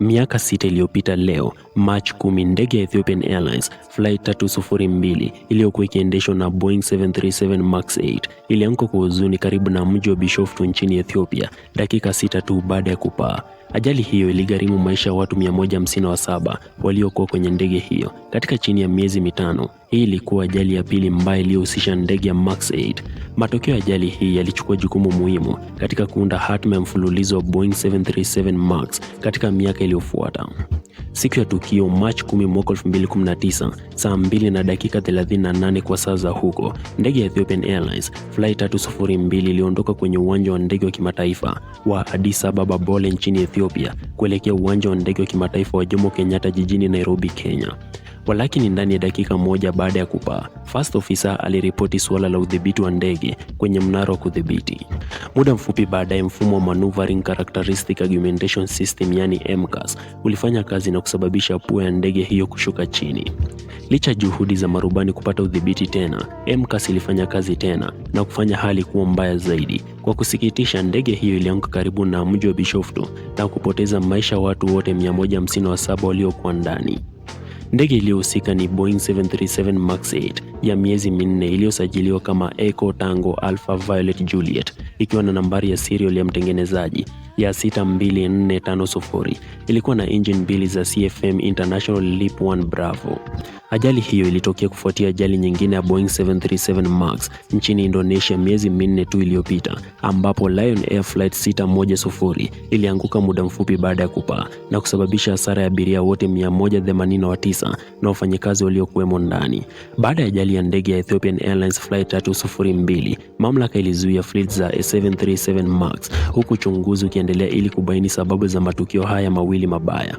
Miaka sita iliyopita leo March 10, ndege ya Ethiopian Airlines flight 302 iliyokuwa ikiendeshwa na Boeing 737 Max 8 ilianguka kwa huzuni karibu na mji wa Bishoftu nchini Ethiopia dakika sita tu baada ya kupaa. Ajali hiyo iligharimu maisha ya watu 157 waliokuwa kwenye ndege hiyo katika chini ya miezi mitano. Hii ilikuwa ajali ya pili mbaya iliyohusisha ndege ya Max 8. Matokeo ya ajali hii yalichukua jukumu muhimu katika kuunda hatima ya mfululizo wa Boeing 737 Max katika miaka iliyofuata. Siku ya tukio Machi 10 mwaka 2019, saa 2 na dakika 38 kwa saa za huko, ndege ya Ethiopian Airlines flight 302 iliondoka kwenye uwanja wa ndege wa kimataifa wa Addis Ababa Bole nchini Ethiopia kuelekea uwanja wa ndege wa kimataifa wa Jomo Kenyatta jijini Nairobi, Kenya. Walakini, ndani ya dakika moja baada ya kupaa, first officer aliripoti suala la udhibiti wa ndege kwenye mnara wa kudhibiti. Muda mfupi baadaye, mfumo wa Maneuvering Characteristic Augmentation System, yani MCAS, ulifanya kazi na kusababisha pua ya ndege hiyo kushuka chini. Licha juhudi za marubani kupata udhibiti tena, MCAS ilifanya kazi tena na kufanya hali kuwa mbaya zaidi. Kwa kusikitisha, ndege hiyo ilianguka karibu na mji wa Bishoftu na kupoteza maisha watu wote 157 waliokuwa ndani. Ndege iliyohusika ni Boeing 737 Max 8 ya miezi minne iliyosajiliwa kama Echo Tango Alpha Violet Juliet ikiwa na nambari ya serial ya mtengenezaji ya 62450 ilikuwa na engine mbili za CFM International Leap 1 Bravo. Ajali hiyo ilitokea kufuatia ajali nyingine ya Boeing 737 Max nchini Indonesia miezi minne tu iliyopita, ambapo Lion Air Flight 610 ilianguka muda mfupi baada ya kupaa na kusababisha hasara ya abiria wote 189 na wafanyakazi waliokuwemo ndani. Baada ya ajali ya ndege ya Ethiopian Airlines Flight 302, mamlaka ilizuia fleet za 737 Max huku uchunguzi zinaendelea ili kubaini sababu za matukio haya mawili mabaya.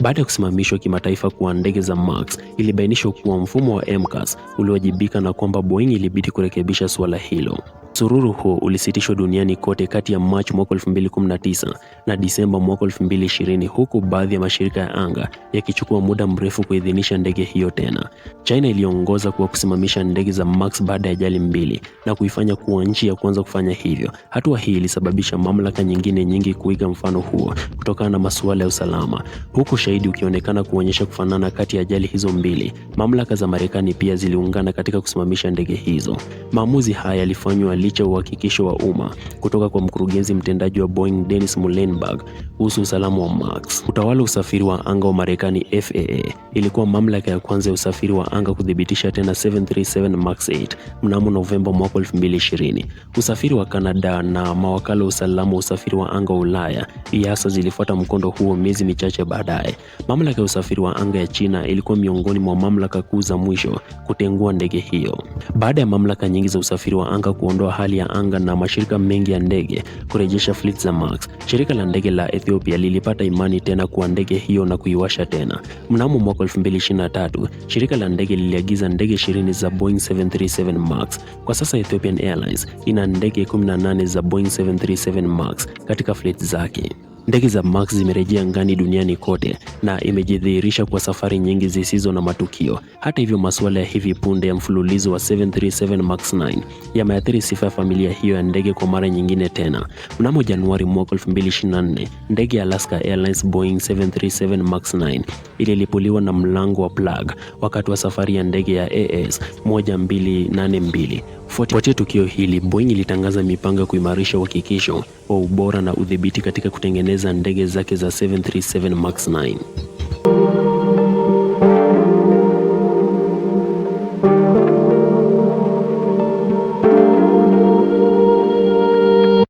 Baada ya kusimamishwa kimataifa kwa ndege za Max, ilibainishwa kuwa mfumo wa MCAS uliowajibika na kwamba Boeing ilibidi kurekebisha suala hilo. Msururu huo ulisitishwa duniani kote kati ya Machi mwaka 2019 na Disemba mwaka 2020, huku baadhi ya mashirika ya anga yakichukua muda mrefu kuidhinisha ndege hiyo tena. China iliongoza kwa kusimamisha ndege za Max baada ya ajali mbili na kuifanya kuwa nchi ya kwanza kufanya hivyo. Hatua hii ilisababisha mamlaka nyingine nyingi kuiga mfano huo kutokana na masuala ya usalama, huku shahidi ukionekana kuonyesha kufanana kati ya ajali hizo mbili. Mamlaka za Marekani pia ziliungana katika kusimamisha ndege hizo. Maamuzi haya yalifanywa licha uhakikisho wa umma kutoka kwa mkurugenzi mtendaji wa Boeing Dennis Muhlenberg kuhusu usalama wa Max. Utawala usafiri wa anga wa Marekani FAA ilikuwa mamlaka ya kwanza ya usafiri wa anga kuthibitisha tena 737 Max 8 mnamo Novemba mwaka 2020. Usafiri wa Kanada na mawakala wa usalama wa usafiri wa anga wa Ulaya EASA zilifuata mkondo huo miezi michache baadaye. Mamlaka ya usafiri wa anga ya China ilikuwa miongoni mwa mamlaka kuu za mwisho kutengua ndege hiyo. Baada ya mamlaka nyingi za usafiri wa anga kuondoa wa hali ya anga na mashirika mengi ya ndege kurejesha fleet za Max, shirika la ndege la Ethiopia lilipata imani tena kuwa ndege hiyo na kuiwasha tena. Mnamo mwaka 2023, shirika la ndege liliagiza ndege 20 za Boeing 737 Max. Kwa sasa Ethiopian Airlines ina ndege 18 za Boeing 737 Max katika fleet zake. Ndege za Max zimerejea ngani duniani kote na imejidhihirisha kwa safari nyingi zisizo na matukio. Hata hivyo, masuala ya hivi punde ya mfululizo wa 737 Max 9 yameathiri sifa ya familia hiyo ya ndege kwa mara nyingine tena. Mnamo Januari mwaka 2024, ndege ya Alaska Airlines Boeing 737 Max 9 ililipuliwa na mlango wa plug wakati wa safari ya ndege ya AS 1282 Kufuatia tukio hili, Boeing ilitangaza mipango ya kuimarisha uhakikisho wa ubora na udhibiti katika kutengeneza ndege zake za 737 MAX 9.